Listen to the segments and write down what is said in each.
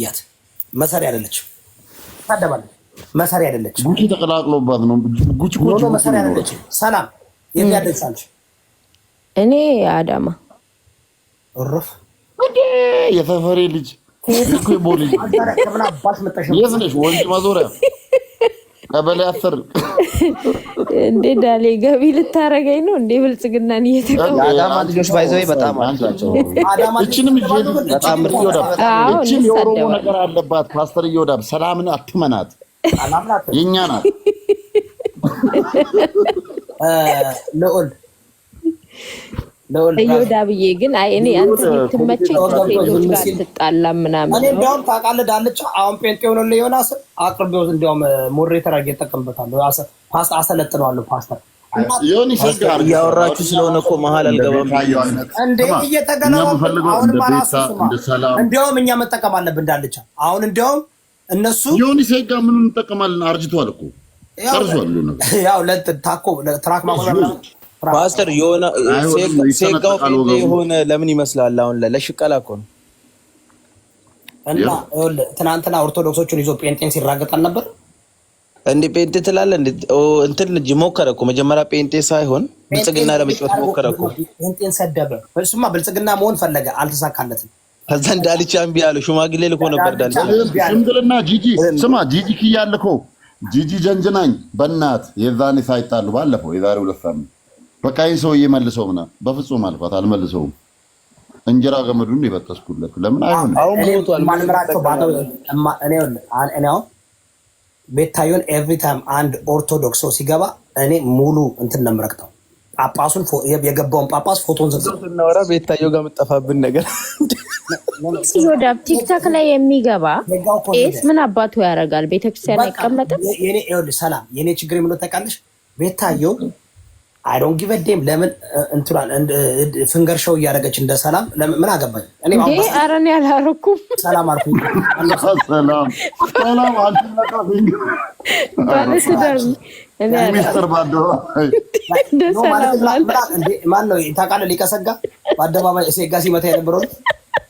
እያት መሰሪ አይደለችም። ታደባለች። መሰሪ አይደለችም። ጉቺ ተቀላቅሎባት ነው። ጉቺ ጉቺ መሰሪ አይደለችም። ሰላም የሚያደንሳለች እኔ አዳማ እረፍ ወዴ የፈፈሬ ልጅ ልጅ ወንጭ ማዞሪያ ቀበሌ አስር እንዴ ዳሌ ገቢ ልታረገኝ ነው እንዴ? ብልጽግናን እየተቀበለ ልጆች ባይዘወይ በጣም አላቸው። እችንም እችን የኦሮሞ ነገር አለባት። ፓስተር እየወዳብ ሰላምን አትመናት፣ የኛ ናት። ልዑል ብዬ ግን አይ እኔ አንተ ትመቸኝ ከሴቶች ጋር ትጣላ ምናምን። እኔ እንዲያውም ታውቃለህ ዳልቻ አሁን ጴንጤ ሆኖልህ ዮናስ አቅርቤው እንዲያውም ሞዴሬተር አድርጌ እጠቀምበታለሁ፣ አሰለጥነዋለሁ። ፓስተር እያወራችሁ ስለሆነ እኮ መሀል አልገባም። እንደ እንዲያውም እኛ መጠቀም አለብን እንዳልቻ አሁን እንዲያውም እነሱ ዮኒ ሴጋ ምን እንጠቀማለን? አርጅቷል እኮ ጨርሷል። ያው ለታኮ ትራክ ማቆሚያ ፓስተር ዮና ሴጋው የሆነ ለምን ይመስላል? አሁን ለሽቀላ እኮ ነው እና ትናንትና ኦርቶዶክሶቹን ይዞ ጴንጤን ሲራገጥ አልነበር እንዲ ጴንጤ ትላለ እንትን ልጅ ሞከረ እኮ መጀመሪያ ጴንጤ ሳይሆን ብልጽግና ለመጫወት ሞከረ እኮ። ጴንጤን ሰደበ። እሱማ ብልጽግና መሆን ፈለገ፣ አልተሳካለትም። ከዛ እንዳልቻ እምቢ አለ። ሽማግሌ ልኮ ነበር ዳልቻ። ጂጂ ስማ፣ ጂጂ ክያ ልኮ ጂጂ ጀንጅናኝ በእናት የዛኔ ሳይጣሉ ባለፈው የዛሬ ሁለት ሳምንት በቃ ይህ ሰውዬ መልሰው ምናምን በፍጹም አልኳት አልመልሰውም እንጀራ ገመዱን የበጠስኩለት ለምን አይሆንም? አሁን ቤታዮን ኤቭሪ ታይም አንድ ኦርቶዶክስ ሰው ሲገባ እኔ ሙሉ እንትን ነው የምረግጠው። ጳጳሱን የገባውን ጳጳስ ፎቶን ስናወራ ቤታዮ ጋር የምጠፋብን ነገር ዮዳብ ቲክታክ ላይ የሚገባ ስ ምን አባቱ ያደርጋል? ቤተክርስቲያን አይቀመጥም። ሰላም የኔ ችግር የምለው ታውቃለሽ ቤታዮ አይዶን ጊቭ ደም ለምን እንትናን ፍንገር ሸው እያደረገች እንደ ሰላም ምን አገባኝ እኔ ኧረ እኔ አላረኩም። ሰላም አልኩኝ። ነው ታውቃለህ? ሊቀሰጋ በአደባባይ ሴጋ ሲመታ የነበረው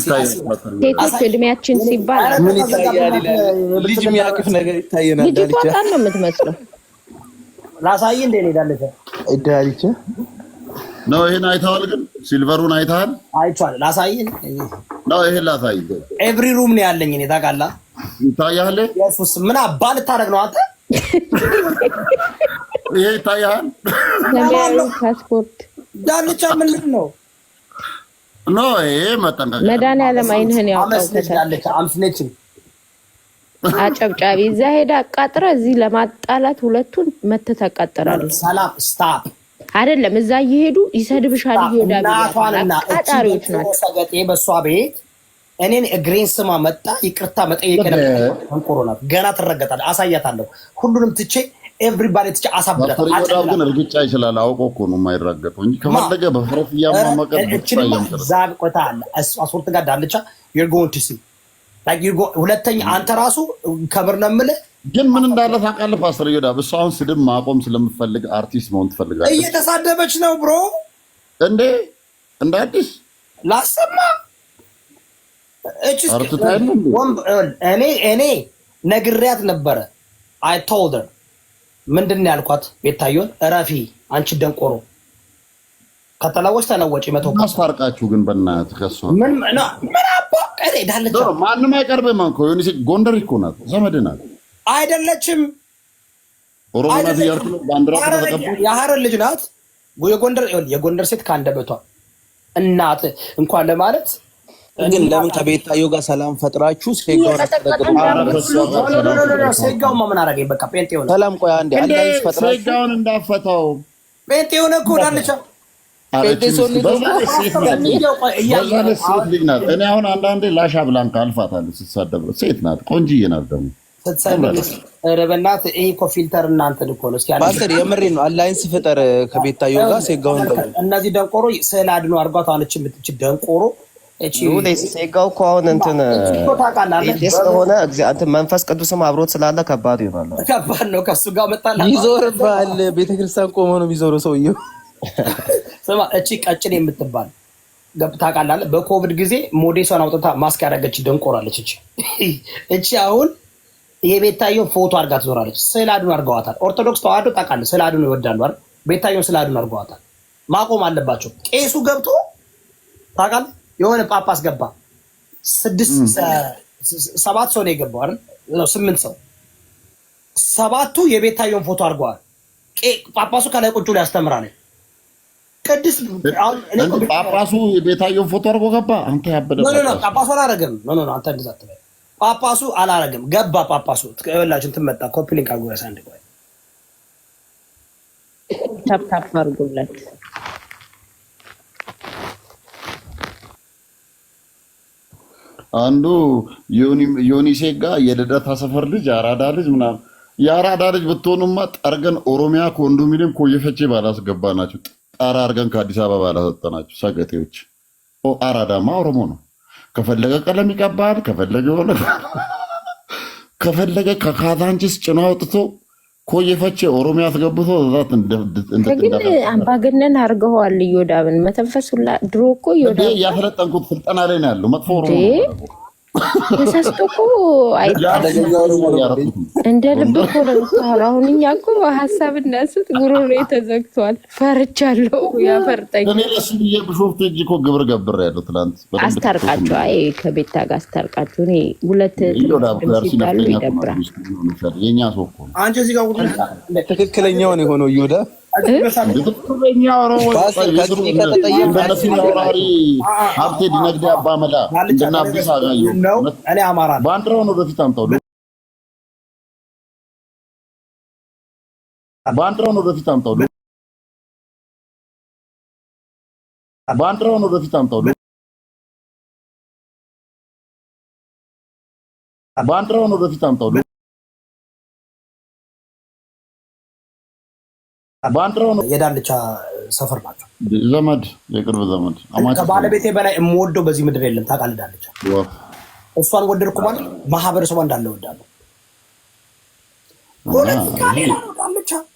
ሴቶች እድሜያችን ሲባል ልጅ የሚያቅፍ ነገር ይታየናል። ልጅቷ ጣን ነው የምትመስለው። ላሳይ እንደ ሄዳለች ዳልቸ ነው። ይሄን አይተዋል ግን ሲልቨሩን አይተሃል? ነው። ይሄን ላሳይ ኤቭሪ ሩም ነው ያለኝ እኔ ታውቃለህ። ይታያል። ኢየሱስ ምን አባ ልታደርግ ነው አንተ? ይሄ ይታያል። ፓስፖርት ዳልቻ ምንድን ነው? ኖ ይሄ መጠንቀቂያ መድኃኒዓለም አይንህን ያውጣው። አጨብጫቢ እዛ ሄዳ አቃጥረ እዚህ ለማጣላት ሁለቱን መተህ ሰላም ስታፕ አይደለም። እዛ እየሄዱ ይሰድብሻል። ይሄዳ አቃጣሪዎች ናቸው። በእሷ ቤት እኔን እግሬን ስማ መጣ ይቅርታ መጠየቅ ነበር። ገና ትረገጣለህ። አሳያታለሁ ሁሉንም ትቼ ኤቭሪባዲ ትቻ አሳብዳት ግን እርግጫ ይችላል። አውቆ እኮ ነው የማይራገጠው እንጂ ከፈለገ በፍረት እያማመቀር ዛብ ቆታ አለ አስፖርት ጋር ዳልቻ ዩር ጎን ቱ ሲ ሁለተኛ አንተ ራሱ ከምር ነው የምልህ ግን ምን እንዳለ ታውቃለህ ፓስተር ዮዳ እሱ አሁን ስድብ ማቆም ስለምፈልግ አርቲስት መሆን ትፈልጋለህ። እየተሳደበች ነው ብሮ እንዴ እንደ አዲስ ላሰማ እኔ እኔ ነግሬያት ነበረ አይ ቶልድ ምንድን ነው ያልኳት? ቤታየን እረፊ አንቺ ደንቆሮ ከተለወጭ ተለወጭ። መቶ አስታርቃችሁ ግን በእናትህ ከእሷ ምን ዳለች? ማንም አይቀርብም እኮ ጎንደር እኮ ናት፣ ዘመድ ናት። አይደለችም ኦሮሞ ናት እያልኩ ነው። ባንዲራ የሀረር ልጅ ናት። የጎንደር ሴት ከአንደበቷ እናት እንኳን ለማለት ግን ለምን ከቤታዮ ጋር ሰላም ፈጥራችሁ ሴጋውን ሴጋውማ ምን አረገ? በቃ ጴንጤ ሆነ። ሰላም ቆይ አንዴ ሴጋውን እንዳፈታው ጴንጤ ሆነ እኮ ዳልቻ ልጅ ናት። እኔ አሁን አንዳንዴ ላሻ ብላንካ አልፋታለሁ። ስትሳደብ ሴት ናት፣ ቆንጅዬ ናት ደግሞ ረበናት ይሄ እኮ ፊልተር እናንተ ልኮ ነው። እስኪ ባስተር የምሬ ነው። አላይንስ ፍጠር ከቤታዮ ጋር ሴጋውን እነዚህ ደንቆሮ ስዕል አድኖ አድርጓት አሁን እች የምትችል ደንቆሮ ሴጋው እኮ አሁን እንትን ስለሆነ መንፈስ ቅዱስም አብሮት ስላለ ከባድ ይሆናል። ከባድ ነው። ጋር ቤተክርስቲያን ነው የሚዞረው ሰውዬው። ስማ፣ እቺ ቀጭን የምትባል ታውቃለህ? በኮቪድ ጊዜ ሞዴሷን አውጥታ ማስክ ያደረገች ደንቆራለች። እቺ እቺ አሁን የቤታየውን ፎቶ አድርጋ ትዞራለች። ስዕል አድኖ አድርገዋታል። ኦርቶዶክስ ተዋህዶ ታውቃለህ? ስዕል አድኖ ይወዳሉ አይደል? ቤታየውን ስዕል አድኖ አድርገዋታል። ማቆም አለባቸው። ቄሱ ገብቶ ታውቃለህ የሆነ ጳጳስ ገባ። ስድስት ሰባት ሰው ነው የገባው አይደል? ስምንት ሰው ሰባቱ የቤታየውን ፎቶ አድርገዋል። ጳጳሱ ከላይ ቁጭ ብሎ ያስተምራል። ቅድስት ጳጳሱ የቤታየውን ፎቶ አድርጎ ገባ። አንተ ያበደ ጳጳሱ አላረገም። አንተ እንደዛ አትበል። ጳጳሱ አላረገም፣ ገባ። ጳጳሱ ላችን ትመጣ ኮፕሊንክ አጎረሳ አንድ ቆይ ታፕታፕ አድርጎለት አንዱ ዮኒሴጋ የልደታ ሰፈር ልጅ አራዳ ልጅ ምናምን የአራዳ ልጅ ብትሆኑማ ጠርገን ኦሮሚያ ኮንዶሚኒየም ኮየፈቼ ባላስገባ ናቸው። ጣራ አርገን ከአዲስ አበባ ናቸው። ሰገጤዎች። አራዳማ ኦሮሞ ነው። ከፈለገ ቀለም ይቀባል፣ ከፈለገ የሆነ ከፈለገ ከካዛንችስ ጭኖ አውጥቶ ኮየፈቼ ኦሮሚያ አስገብቶ ዛት ግን አምባገነን አድርገዋል። እዮዳብን መተንፈሱላ ድሮ እኮ እዮዳብ ያስለጠንኩት ስልጠና ላይ ነው ያለው መጥፎ ኦሮሞ ተሳስቶ እንደ ልብ እኮ አሁን እኛ እኮ ሀሳብ እናስት ጉሮሮ ተዘግቷል። ፈርቻለሁ። ያፈርጠኝ እኔ እሱ ብዬ ብሾፍቱ እጅ እኮ ግብር ገብር ያለው ትናንት አስታርቃችሁ፣ አይ ከቤታ ጋር አስታርቃችሁ። እኔ ሁለት ይደብራል። የኛ ሰው እኮ አንቺ እዚህ ጋር ትክክለኛውን የሆነው ይሁዳ ሀብቴ ዲነግዴ አባ መላ እንደና አዲስ ባንዲራውን ወደፊት አምጣው፣ ባንዲራውን ወደፊት አምጣው፣ ባንዲራውን ወደፊት አምጣው፣ ባንዲራውን ወደፊት አምጣው። ባንዲራው ነው። የዳልቻ ሰፈር ናቸው። ዘመድ የቅርብ ዘመድ ከባለቤቴ በላይ የምወደው በዚህ ምድር የለም። ታውቃለህ ዳልቻ እሷን ወደድኩ ማለት ማህበረሰቧ እንዳለ ወዳለ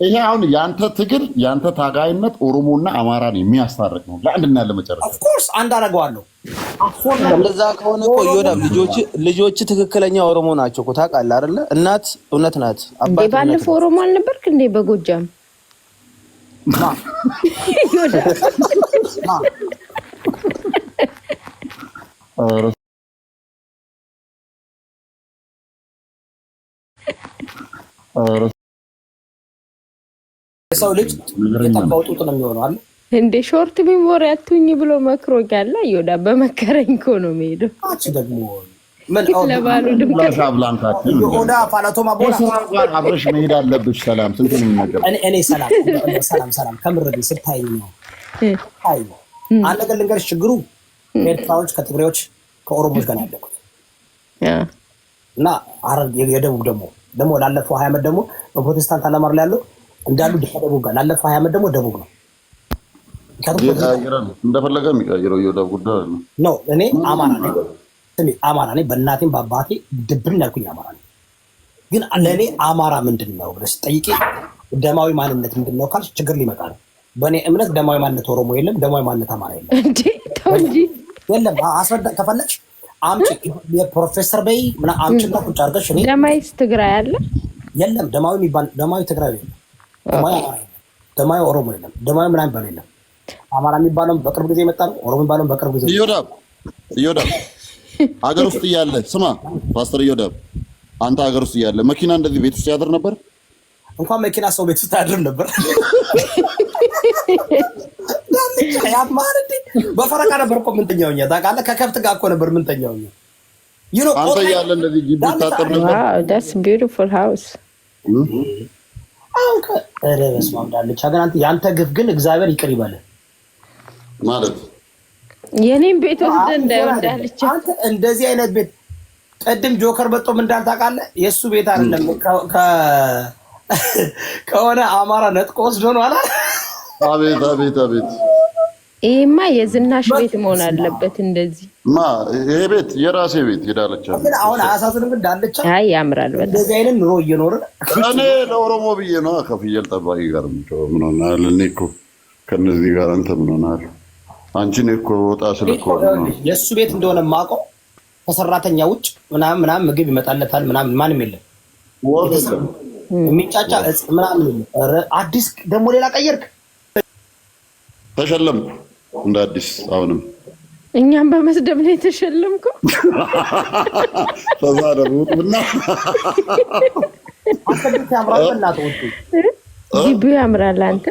ይሄ አሁን የአንተ ትግል የአንተ ታጋይነት ኦሮሞና አማራን የሚያስታርቅ ነው። ለአንድና ለመጨረሻ ኦፍኮርስ አንድ አደርገዋለሁ። እንደዛ ከሆነ ቆዮዳ ልጆች ትክክለኛ ኦሮሞ ናቸው እኮ ታውቃለህ አይደለ? እናት እውነት ናት። ባለፈው ኦሮሞ አልነበርክ እንዴ በጎጃም የሰው ልጅ የጠባው ጡት ነው የሚሆነው አለ እንደ ሾርት ሜሞሪ አትሁኝ ብሎ መክሮኛል። ይወዳ በመከረኝ እኮ ነው የምሄደው ደግሞ አብረሽ መሄድ አለብሽ። ሰላም ስንት ነው የሚመገብ? እኔ ሰላም ሰላም ሰላም ከምር ስታይ ነው። አንድ ነገር ልንገርሽ፣ ችግሩ ከኤርትራዎች፣ ከትግሬዎች፣ ከኦሮሞዎች ጋር ያለኩት እና የደቡብ ደግሞ ደግሞ ላለፈው ሀያ ዓመት ደግሞ በፕሮቴስታንት አለማር ላይ ያለው እንዳሉ ከደቡብ ጋር ላለፈው ሀያ ዓመት ደግሞ ደቡብ ነው እንደፈለገ የሚቀይረው የደቡብ ጉዳይ ነው። እኔ አማራ ነኝ ስሜ አማራ ነኝ። በእናቴም በአባቴ ድብን ያልኩኝ አማራ ነኝ። ግን ለእኔ አማራ ምንድን ነው ብለሽ ጠይቄ ደማዊ ማንነት ምንድን ነው ካልሽ ችግር ሊመጣ ነው። በእኔ እምነት ደማዊ ማንነት ኦሮሞ የለም፣ ደማዊ ማንነት አማራ የለም። የለም አስረዳ ተፈለች አምጪ የፕሮፌሰር በይ አምጪና ቁጭ አድርገሽ ደማዊ ትግራይ አለ የለም። ደማዊ የሚባል ደማዊ ትግራይ የለም፣ ደማዊ አማራ የለም፣ ደማዊ ኦሮሞ የለም፣ ደማዊ ምና የሚባል የለም። አማራ የሚባለው በቅርብ ጊዜ መጣ ነው። ኦሮሞ የሚባለው በቅርብ ጊዜ አገር ውስጥ እያለ ስማ፣ ፓስተር እዮዳብ አንተ ሀገር ውስጥ እያለ መኪና እንደዚህ ቤት ውስጥ ያድር ነበር? እንኳን መኪና ሰው ቤት ውስጥ አያድርም ነበር። በፈረቃ ነበር እኮ ምንተኛው እኛ ታውቃለህ፣ ከከብት ጋር እኮ ነበር ምንተኛው እኛ። አንተ እያለ እንደዚህ ግቢ ታጠር ነበር። ቢዩቲፉል ሃውስ። አንተ ያንተ ግፍ ግን እግዚአብሔር ይቅር ማለት የኔም ቤት ወስደ እንዳይወዳልች እንደዚህ አይነት ቤት ቅድም ጆከር በጦም እንዳልታቃለ የእሱ ቤት አይደለም ከሆነ አማራ ነጥቆ ወስዶ ነው አላ አቤት አቤት አቤት ይሄማ የዝናሽ ቤት መሆን አለበት። እንደዚህ ማ ይሄ ቤት የራሴ ቤት ሄዳለች። አሁን አያሳዝን እንዳለቻ አይ ያምራል። በጣም አይነት ኑሮ እየኖረ እኔ ለኦሮሞ ብዬ ነው ከፍየል ጠባቂ ጋር ምንሆናል እኔ እኮ ከነዚህ ጋር አንተ ምን አንቺ ነው እኮ ወጣ ስለኮ የእሱ ቤት እንደሆነ የማውቀው ከሰራተኛ ውጭ ምናምን ምናምን ምግብ ይመጣለታል ምናምን ማንም የለም የሚጫጫ እጽ ምናምን አዲስ ደግሞ ሌላ ቀየርክ ተሸለም እንደ አዲስ አሁንም እኛም በመስደብ ነው የተሸለምኩ ተዛደቡና ዚቡ ያምራል አንተ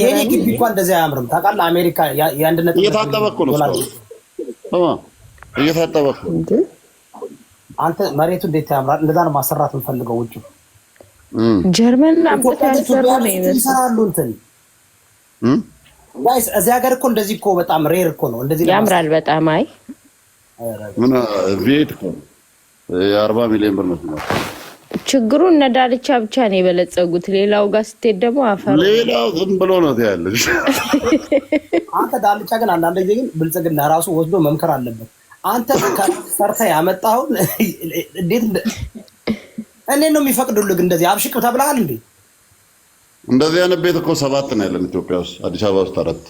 የኔ ግቢ እንኳ እንደዚህ አያምርም ታውቃለህ። አሜሪካ የአንድነት እየታጠበ እኮ ነው እየታጠበ እኮ አንተ መሬቱ እንዴት ያምራል! እንደዛ ነው ማሰራት የምፈልገው። ውጭ ጀርመን ይሰራሉ እንትን ጋይስ፣ እዚህ ሀገር እኮ እንደዚህ እኮ በጣም ሬር እኮ ነው። እንደዚህ ያምራል በጣም አይ ምን ቤት እኮ የአርባ ሚሊዮን ብር ነው ችግሩ እነ ዳልቻ ብቻ ነው የበለጸጉት። ሌላው ጋር ስትሄድ ደግሞ አፈር፣ ሌላው ዝም ብሎ ነው ያለች። አንተ ዳልቻ ግን አንዳንድ ጊዜ ግን ብልጽግና ራሱ ወስዶ መምከር አለበት። አንተ ሰርተ ያመጣሁን እንዴት እኔ ነው የሚፈቅዱልህ? እንደዚህ አብሽቅ ተብለሃል እንዴ? እንደዚህ አይነት ቤት እኮ ሰባት ነው ያለን ኢትዮጵያ ውስጥ፣ አዲስ አበባ ውስጥ አራት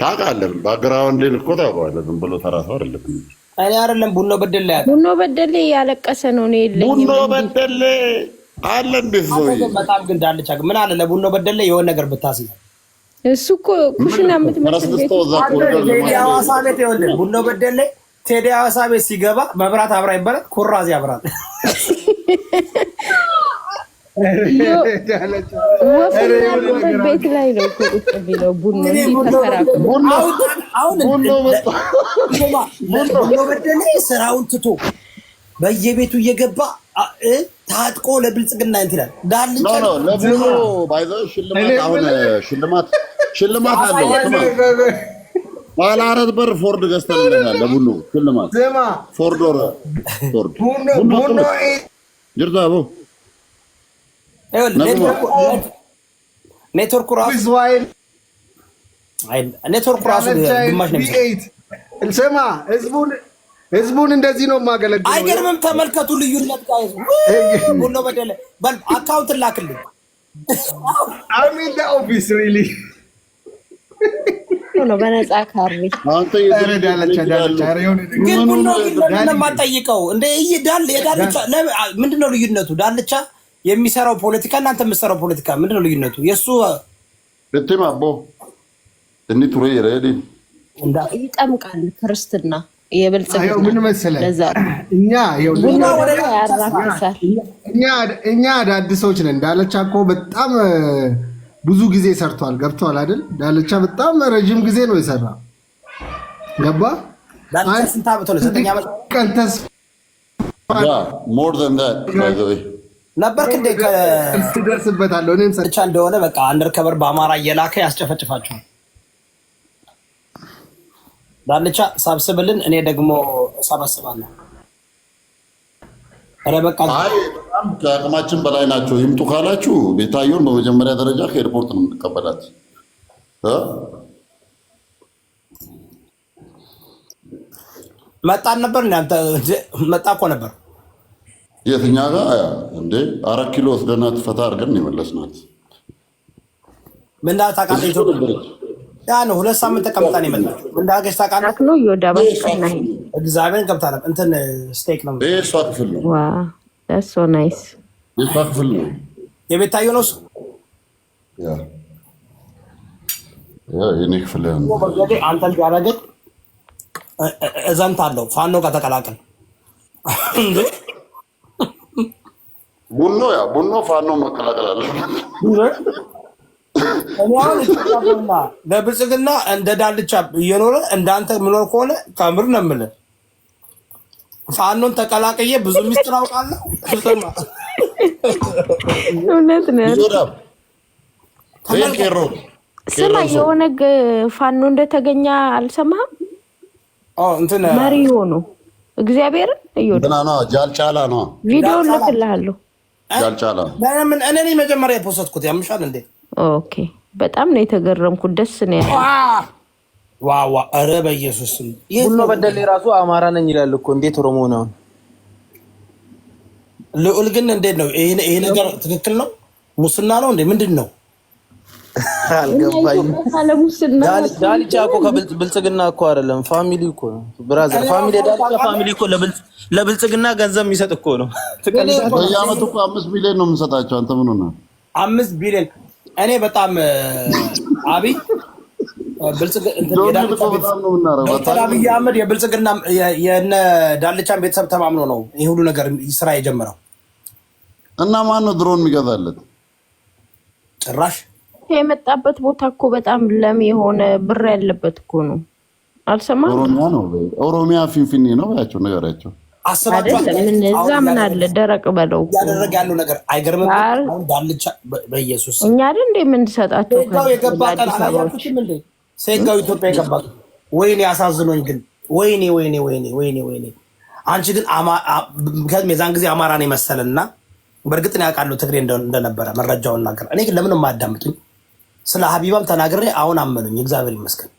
ታውቃለህ። ባግራውንዴን እኮ ታውቀዋለህ። ዝም ብሎ ተራ ሰው አይደለም። እኔ አይደለም ቡኖ በደሌ ያለ ቡኖ በደሌ ያለቀሰ ነው። እኔ የለኝም ቡኖ በደሌ አለ እንዴ? በጣም ግን ዳልቻ ምን አለ ለቡኖ በደሌ የሆነ ነገር ብታስይዝ እሱ እኮ ኩሽና ምትመስል ቤት ሐዋሳ ቤት ይኸውልህ፣ ቡኖ በደሌ ቴዲ ሐዋሳ ቤት ሲገባ መብራት አብራ ይበላል፣ ኩራዝ ያብራል። ቤት ላይ ነው ቁጭ ብለው ቡና ስራውን ትቶ በየቤቱ እየገባ ታጥቆ ለብልጽግና ይላል። ሽልማት ሽልማት አለው። ባለ አራት በር ፎርድ ገዝተንልናል። ለቡኖ ሽልማት ፎርድ ቡኖ ኔትወርኩ ራሱ ኔትወርኩ ራሱ ግማሽ ነው። ስማ ህዝቡን ህዝቡን እንደዚህ ነው የማገለግለው። አይገርምም? ተመልከቱ ልዩነት ጋር በደለ በል አካውንት ላክልኝ። አሚን ዳ ኦፊስ ሪሊ በነጻ ካሪ ግን እንደ ዳልቻ ምንድነው ልዩነቱ ዳልቻ የሚሰራው ፖለቲካ እናንተ የምትሰራው ፖለቲካ ምንድነው ልዩነቱ? የእሱ ብትም አቦ እኒት ሬ ይጠምቃል ክርስትና የብልጽግና ምን መሰለህ፣ እኛ አዳዲስ ሰዎች ነን። ዳለቻ እኮ በጣም ብዙ ጊዜ ሰርቷል። ገብቷል አይደል? ዳለቻ በጣም ረዥም ጊዜ ነው የሰራ። ገባ ቀን ተስፋ ነበርክ እንዴ? እንደሆነ በቃ አንደርከበር በአማራ እየላከ ያስጨፈጭፋቸዋል ዳልቻ ሳብስብልን፣ እኔ ደግሞ እሰበስባለሁ። ኧረ በቃ ከአቅማችን በላይ ናቸው። ይምጡ ካላችሁ ቤታየውን በመጀመሪያ ደረጃ ከኤርፖርት ነው የምንቀበላት። መጣን ነበር መጣ እኮ ነበር የትኛ ጋር እንዴ አራት ኪሎ ወስደናት ፈታ አድርገን የመለስናት። ምንዳ ታውቃለህ? ያ ነው ሁለት ሳምንት ተቀምጣ ነው የመጣችው። ምንዳ ገሽ ታውቃለህ? እግዚአብሔርን ገብታ እንትን ስቴክ ነው እሷ ክፍል ነው ሶ ናይስ የእሷ ክፍል ነው የቤታየው ነው እሱ የኔ ክፍል አንተ ልጅ ያደረግህ እዘንት አለው ፋኖ ጋር ተቀላቀል ቡኖ ያ ቡኖ ፋኖ መቀላቀል አለበት። እኔ ለብልጽግና እንደ ዳልቻ እየኖረ እንዳንተ ምኖር ከሆነ ከምር ነው የምልህ ፋኖን ተቀላቅዬ ብዙ ሚስጥር አውቃለሁ። እውነት ነው። ስማ የሆነ ፋኖ እንደተገኘ አልሰማህም? መሪ ሆኖ እግዚአብሔርን እዮ ጃልጫላ ነው ቪዲዮ ልክልሃለሁ። ያልቻለ እኔ መጀመሪያ የፖስትኩት ያምሻል እንዴ? ኦኬ። በጣም ነው የተገረምኩት። ደስ ነው ያለ ዋዋ። ኧረ በኢየሱስ በደሌ ራሱ አማራ ነኝ ይላል እኮ እንዴት ኦሮሞ ነው? ልዑል ግን እንዴት ነው ይሄ ነገር ትክክል ነው? ሙስና ነው እንዴ? ምንድን ነው? ዳልቻ እኮ እኮ አይደለም ፋሚሊ እኮ ነው ብራዘር፣ ፋሚሊ ፋሚሊ እኮ ለብልጽግና ገንዘብ የሚሰጥ እኮ ነው። በየአመቱ እኮ አምስት ቢሊዮን ነው የምንሰጣቸው። አንተ ምን ሆነህ አምስት ቢሊዮን? እኔ በጣም አብይ አህመድ የብልጽግና የነ ዳልቻን ቤተሰብ ተማምኖ ነው ይህ ሁሉ ነገር ስራ የጀመረው እና ማን ነው ድሮን የሚገዛለት ጭራሽ የመጣበት ቦታ እኮ በጣም ለም የሆነ ብር ያለበት እኮ ነው። አልሰማህም? ኦሮሚያ ነው ኦሮሚያ ፊንፊኔ ነው ብላቸው ነገራቸው እዛ ምን አለ ደረቅ በለው እያደረገ ያለው ነገር አይገርምም። በኢየሱስ እኛ ደ እንደ የምንሰጣቸው ሴጋው ኢትዮጵያ የገባ ወይኔ አሳዝኖኝ ግን ወይኔ ወይኔ ወይኔ ወይኔ ወይኔ አንቺ ግን ምክንያቱም የዛን ጊዜ አማራን የመሰልና በእርግጥ ነው ያውቃለሁ ትግሬ እንደነበረ መረጃውን ናገር እኔ ግን ለምንም አያዳምጡኝ ስለ ሀቢባም ተናግሬ አሁን አመኑኝ። እግዚአብሔር ይመስገን።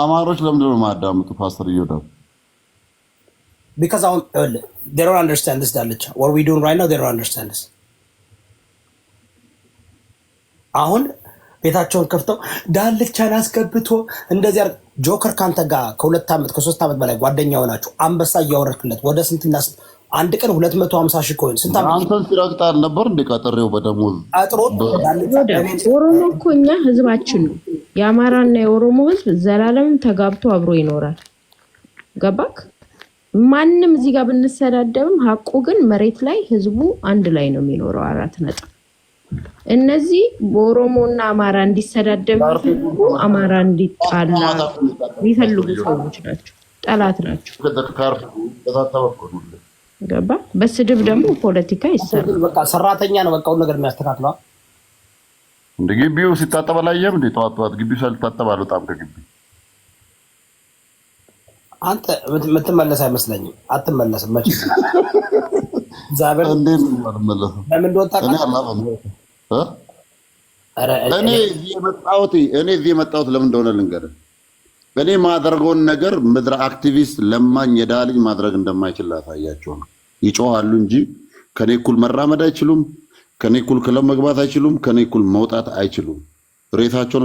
አማሮች ለምንድን ነው የማያዳምጡ? ፓስተር እዮዳብ ቢካዝ አሁን ወር ዊ ዱን ራይት አሁን ቤታቸውን ከፍተው ዳልቻን አስገብቶ እንደዚያ ጆከር ከአንተ ጋር ከሁለት ዓመት ከሶስት ዓመት በላይ ጓደኛ ሆናችሁ አንበሳ እያወረድክለት ወደ ስንትና ስንት አንድ ቀን ሁለት መቶ ሀምሳ ሺህ ኮይን አንተን ሲረግጥ ነበር እንደ ቀጥሬው በደሞዝ ኦሮሞ እኮ እኛ ህዝባችን ነው። የአማራና የኦሮሞ ህዝብ ዘላለም ተጋብቶ አብሮ ይኖራል። ገባክ? ማንም እዚህ ጋር ብንሰዳደብም ሀቁ ግን መሬት ላይ ህዝቡ አንድ ላይ ነው የሚኖረው። አራት ነጥብ። እነዚህ በኦሮሞና አማራ እንዲሰዳደብ የሚፈልጉ አማራ እንዲጣላ የሚፈልጉ ሰዎች ናቸው፣ ጠላት ናቸው። ገባ። በስድብ ደግሞ ፖለቲካ ይሰራል። ሰራተኛ ነው በቃውን ነገር የሚያስተካክለው እንደ ግቢው ሲታጠብ አላየህም እንዴ? ጠዋት ጠዋት ግቢው ሳልታጠብ አልወጣም ከግቢ። አንተ የምትመለስ አይመስለኝም። አትመለስም መቼ ዛብር ለምን እንደወጣ እኔ እዚህ የመጣሁት ለምን እንደሆነ ልንገርህ። እኔ ማድረገውን ነገር ምድረ አክቲቪስት ለማኝ የዳልኝ ማድረግ እንደማይችል ላሳያቸው ነው። ይጮሃሉ እንጂ ከኔ እኩል መራመድ አይችሉም። ከኔ እኩል ክለብ መግባት አይችሉም። ከኔ እኩል መውጣት አይችሉም። ሬሳቸውን